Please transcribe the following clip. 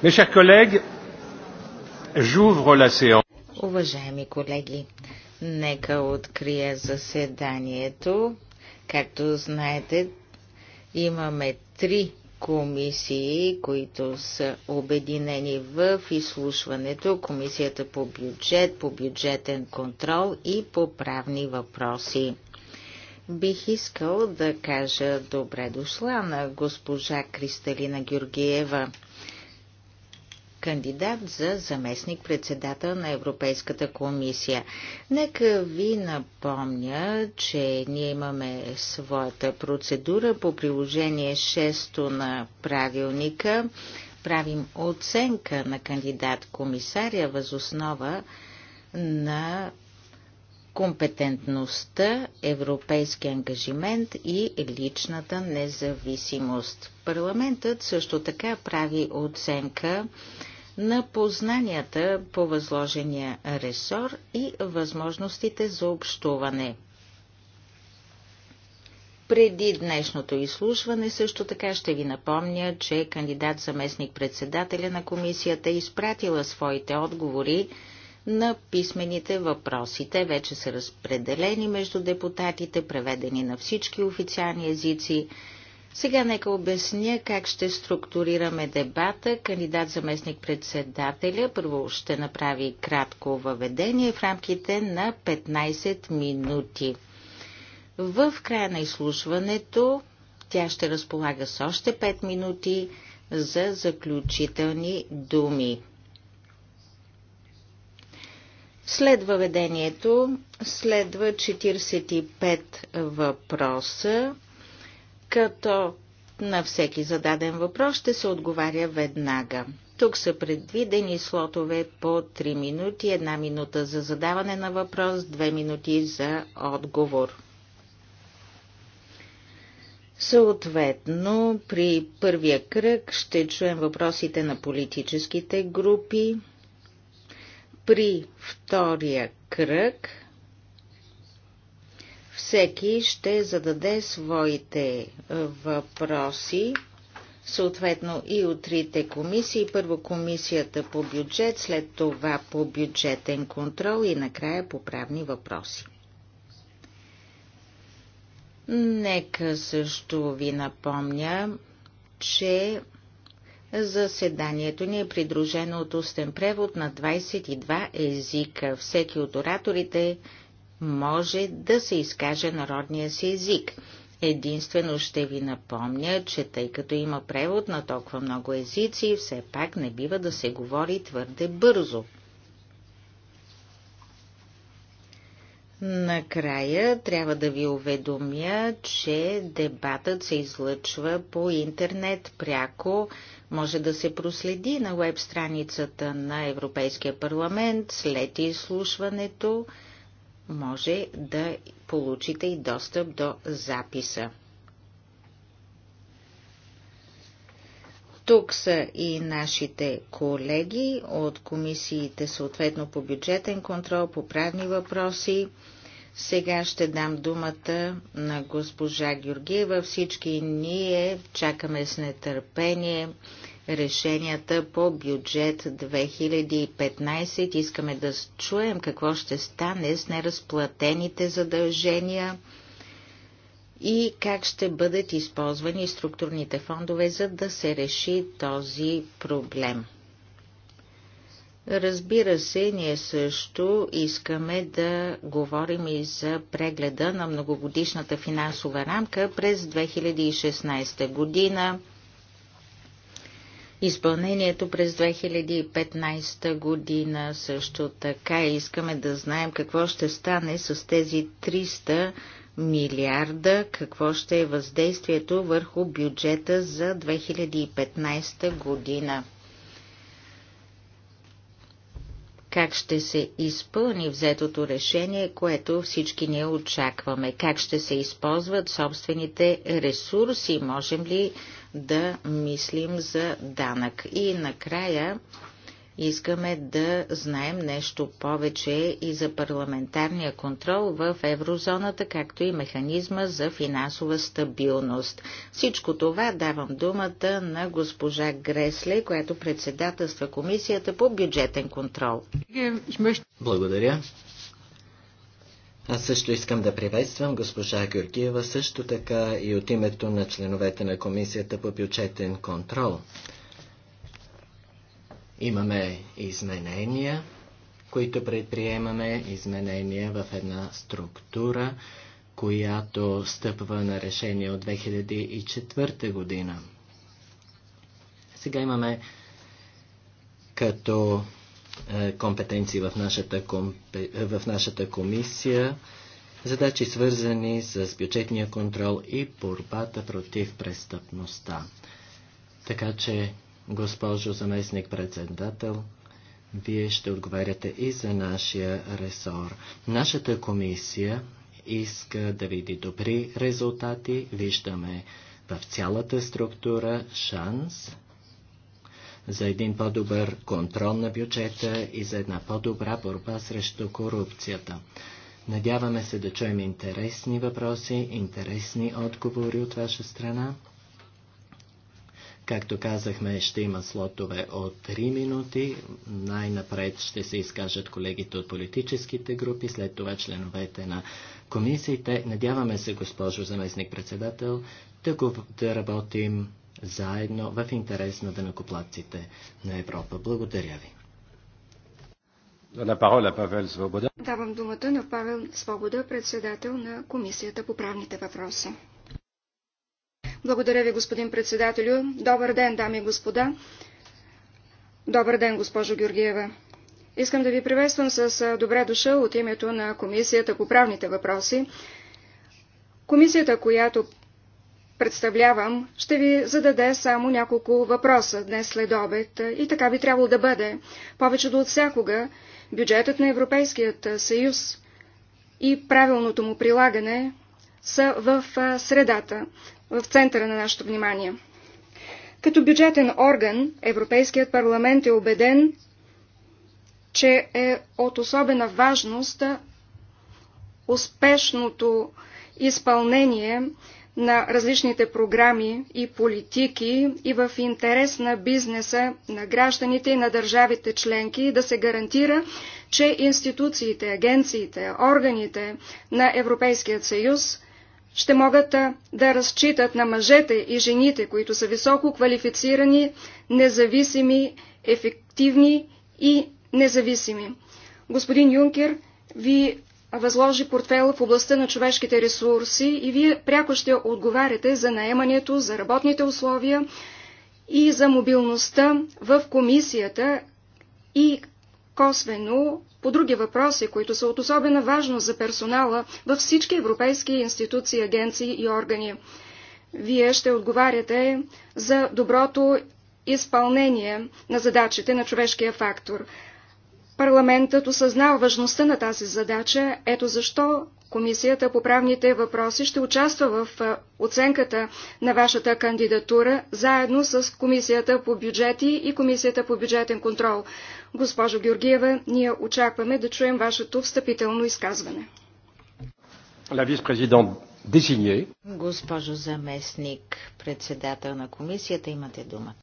Mes chers collègues, j'ouvre la séance. Уважаеми колеги, нека открия заседанието. Както знаете, имаме три комисии, които са обединени в изслушването. Комисията по бюджет, по бюджетен контрол и по правни въпроси. Бих искал да кажа добре дошла на госпожа Кристалина Георгиева кандидат за заместник-председател на Европейската комисия. Нека ви напомня, че ние имаме своята процедура по приложение 6 на правилника. Правим оценка на кандидат-комисаря възоснова на компетентността, европейски ангажимент и личната независимост. Парламентът също така прави оценка на познанията по възложения ресор и възможностите за общуване. Преди днешното изслушване също така ще ви напомня, че кандидат заместник председателя на комисията изпратила своите отговори на писмените въпроси. Те вече са разпределени между депутатите, преведени на всички официални езици. Сега нека обясня как ще структурираме дебата. Кандидат заместник председателя първо ще направи кратко въведение в рамките на 15 минути. В края на изслушването тя ще разполага с още 5 минути за заключителни думи. След въведението следва 45 въпроса, като на всеки зададен въпрос ще се отговаря веднага. Тук са предвидени слотове по 3 минути, 1 минута за задаване на въпрос, 2 минути за отговор. Съответно, при първия кръг ще чуем въпросите на политическите групи, при втория кръг всеки ще зададе своите е, въпроси, съответно и от трите комисии. Първо комисията по бюджет, след това по бюджетен контрол и накрая по правни въпроси. Нека също ви напомня, че Заседанието ни е придружено от устен превод на 22 езика. Всеки от ораторите може да се изкаже народния си език. Единствено ще ви напомня, че тъй като има превод на толкова много езици, все пак не бива да се говори твърде бързо. Накрая трябва да ви уведомя, че дебатът се излъчва по интернет пряко. Може да се проследи на веб страницата на Европейския парламент след изслушването. Може да получите и достъп до записа. Тук са и нашите колеги от комисиите, съответно по бюджетен контрол, по правни въпроси. Сега ще дам думата на госпожа Георгиева. Всички ние чакаме с нетърпение решенията по бюджет 2015. Искаме да чуем какво ще стане с неразплатените задължения и как ще бъдат използвани структурните фондове, за да се реши този проблем. Разбира се, ние също искаме да говорим и за прегледа на многогодишната финансова рамка през 2016 година, изпълнението през 2015 година също така. Искаме да знаем какво ще стане с тези 300 милиарда, какво ще е въздействието върху бюджета за 2015 година. Как ще се изпълни взетото решение, което всички ние очакваме? Как ще се използват собствените ресурси? Можем ли да мислим за данък? И накрая Искаме да знаем нещо повече и за парламентарния контрол в еврозоната, както и механизма за финансова стабилност. Всичко това давам думата на госпожа Гресле, която председателства Комисията по бюджетен контрол. Благодаря. Аз също искам да приветствам госпожа Георгиева, също така и от името на членовете на Комисията по бюджетен контрол. Имаме изменения, които предприемаме, изменения в една структура, която стъпва на решение от 2004 година. Сега имаме като е, компетенции в нашата, в нашата комисия задачи свързани с бюджетния контрол и борбата против престъпността. Така че Госпожо заместник-председател, вие ще отговаряте и за нашия ресор. Нашата комисия иска да види добри резултати. Виждаме в цялата структура шанс за един по-добър контрол на бюджета и за една по-добра борба срещу корупцията. Надяваме се да чуем интересни въпроси, интересни отговори от ваша страна. Както казахме, ще има слотове от 3 минути. Най-напред ще се изкажат колегите от политическите групи, след това членовете на комисиите. Надяваме се, госпожо заместник-председател, да, го, да работим заедно в интерес на дънакоплатците на Европа. Благодаря ви. Давам думата на Павел Свобода, председател на Комисията по правните въпроси. Благодаря ви, господин председателю. Добър ден, дами и господа. Добър ден, госпожо Георгиева. Искам да ви приветствам с добре душа от името на Комисията по правните въпроси. Комисията, която представлявам, ще ви зададе само няколко въпроса днес след обед и така би трябвало да бъде. Повече до от всякога бюджетът на Европейският съюз и правилното му прилагане са в средата в центъра на нашето внимание. Като бюджетен орган, Европейският парламент е убеден, че е от особена важност успешното изпълнение на различните програми и политики и в интерес на бизнеса, на гражданите и на държавите членки да се гарантира, че институциите, агенциите, органите на Европейският съюз ще могат да разчитат на мъжете и жените, които са високо квалифицирани, независими, ефективни и независими. Господин Юнкер ви възложи портфел в областта на човешките ресурси и вие пряко ще отговаряте за наемането, за работните условия и за мобилността в комисията и косвено по други въпроси, които са от особена важност за персонала във всички европейски институции, агенции и органи. Вие ще отговаряте за доброто изпълнение на задачите на човешкия фактор. Парламентът осъзнава важността на тази задача. Ето защо Комисията по правните въпроси ще участва в оценката на вашата кандидатура, заедно с Комисията по бюджети и Комисията по бюджетен контрол. Госпожо Георгиева, ние очакваме да чуем вашето встъпително изказване. Госпожо заместник, председател на комисията, имате дума.